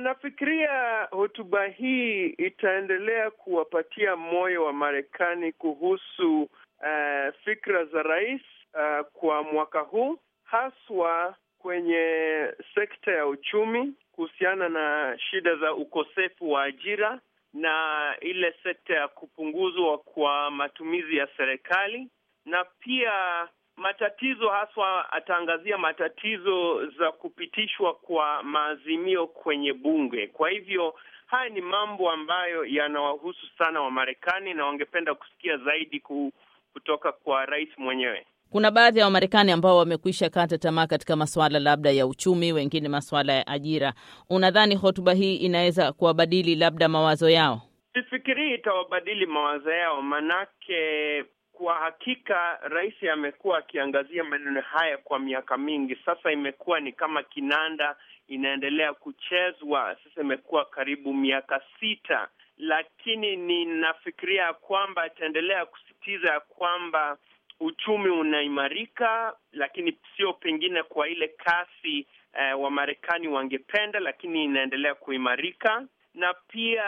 Nafikiria hotuba hii itaendelea kuwapatia moyo wa Marekani kuhusu uh, fikra za rais uh, kwa mwaka huu haswa kwenye sekta ya uchumi kuhusiana na shida za ukosefu wa ajira na ile sekta ya kupunguzwa kwa matumizi ya serikali na pia matatizo haswa, ataangazia matatizo za kupitishwa kwa maazimio kwenye bunge. Kwa hivyo haya ni mambo ambayo yanawahusu sana Wamarekani na wangependa kusikia zaidi kutoka kwa rais mwenyewe. Kuna baadhi ya Wamarekani ambao wamekwisha kata tamaa katika masuala labda ya uchumi, wengine masuala ya ajira. Unadhani hotuba hii inaweza kuwabadili labda mawazo yao? Sifikirii itawabadili mawazo yao, manake kwa hakika rais amekuwa akiangazia maneno haya kwa miaka mingi sasa, imekuwa ni kama kinanda inaendelea kuchezwa sasa, imekuwa karibu miaka sita, lakini ninafikiria kwamba ataendelea kusisitiza kwamba uchumi unaimarika, lakini sio pengine kwa ile kasi eh, Wamarekani wangependa, lakini inaendelea kuimarika na pia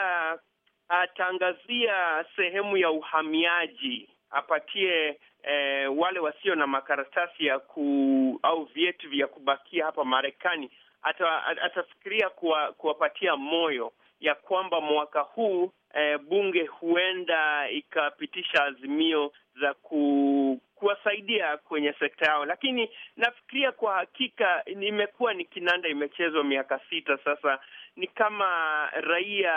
ataangazia sehemu ya uhamiaji apatie eh, wale wasio na makaratasi ya ku- au vyeti vya kubakia hapa Marekani, ata, atafikiria kuwa, kuwapatia moyo ya kwamba mwaka huu eh, bunge huenda ikapitisha azimio za ku kuwasaidia kwenye sekta yao, lakini nafikiria kwa hakika imekuwa ni kinanda imechezwa miaka sita sasa. Ni kama raia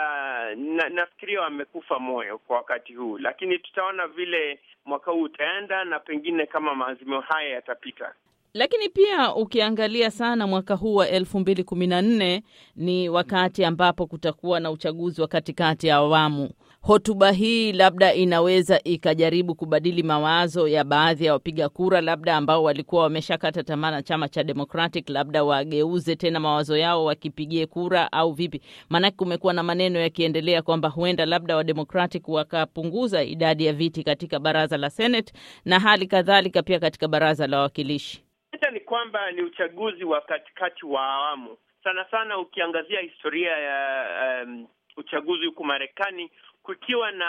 na, nafikiria wamekufa moyo kwa wakati huu, lakini tutaona vile mwaka huu utaenda na pengine kama maazimio haya yatapita lakini pia ukiangalia sana mwaka huu wa elfu mbili kumi na nne ni wakati ambapo kutakuwa na uchaguzi wa katikati ya awamu hotuba hii labda inaweza ikajaribu kubadili mawazo ya baadhi ya wapiga kura, labda ambao walikuwa wameshakata tamaa na chama cha Democratic, labda wageuze tena mawazo yao wakipigie kura au vipi? Maanake kumekuwa na maneno yakiendelea kwamba huenda labda wa Democratic wakapunguza idadi ya viti katika baraza la Senate na hali kadhalika pia katika baraza la wawakilishi. Hata ni kwamba ni uchaguzi wa katikati wa awamu, sana sana ukiangazia historia ya um, uchaguzi huku Marekani kukiwa na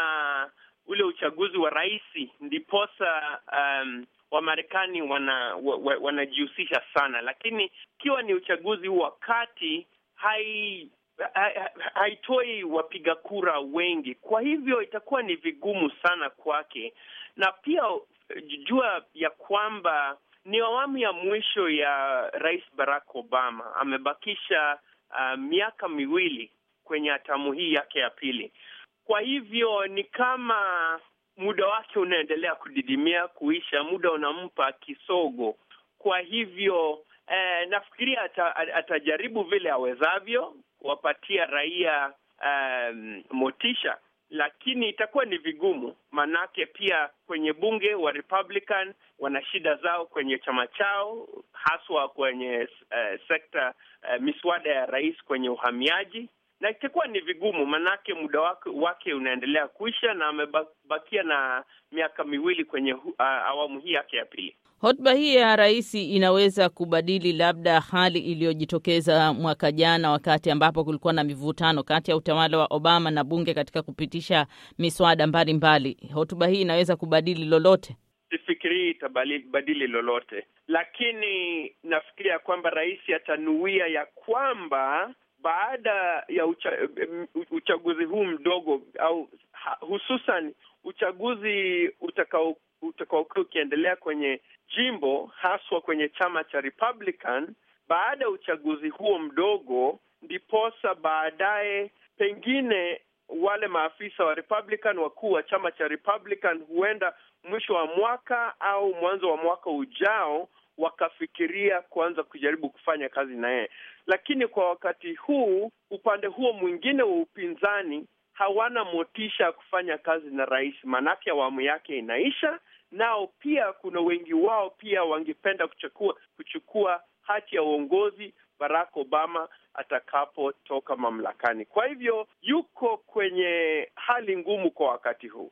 ule uchaguzi wa rais, ndiposa um, Wamarekani wanajihusisha wa, wa, sana, lakini ikiwa ni uchaguzi wa kati hai haitoi wapiga kura wengi, kwa hivyo itakuwa ni vigumu sana kwake. Na pia jua ya kwamba ni awamu ya mwisho ya Rais Barack Obama, amebakisha uh, miaka miwili kwenye hatamu hii yake ya pili. Kwa hivyo ni kama muda wake unaendelea kudidimia kuisha, muda unampa kisogo. Kwa hivyo eh, nafikiria ata, atajaribu vile awezavyo kuwapatia raia eh, motisha, lakini itakuwa ni vigumu, maanake pia kwenye bunge wa Republican wana shida zao kwenye chama chao, haswa kwenye uh, sekta uh, miswada ya rais kwenye uhamiaji na itakuwa ni vigumu, manake muda wake, wake unaendelea kuisha na amebakia na miaka miwili kwenye hu, uh, awamu hii yake ya pili. Hotuba hii ya rais inaweza kubadili labda hali iliyojitokeza mwaka jana, wakati ambapo kulikuwa na mivutano kati ya utawala wa Obama na bunge katika kupitisha miswada mbalimbali. Hotuba hii inaweza kubadili lolote? Sifikirii itabadili lolote, lakini nafikiria kwamba rais atanuia ya kwamba baada ya ucha, uchaguzi huu mdogo au hususan uchaguzi utakao utakaokuwa ukiendelea kwenye jimbo haswa kwenye chama cha Republican. Baada ya uchaguzi huo mdogo, ndiposa baadaye pengine wale maafisa wa Republican wakuu wa chama cha Republican huenda mwisho wa mwaka au mwanzo wa mwaka ujao wakafikiria kuanza kujaribu kufanya kazi na yeye, lakini kwa wakati huu upande huo mwingine wa upinzani hawana motisha ya kufanya kazi na rais, maanake awamu yake inaisha. Nao pia kuna wengi wao pia wangependa kuchukua, kuchukua hati ya uongozi Barack Obama atakapotoka mamlakani. Kwa hivyo yuko kwenye hali ngumu kwa wakati huu.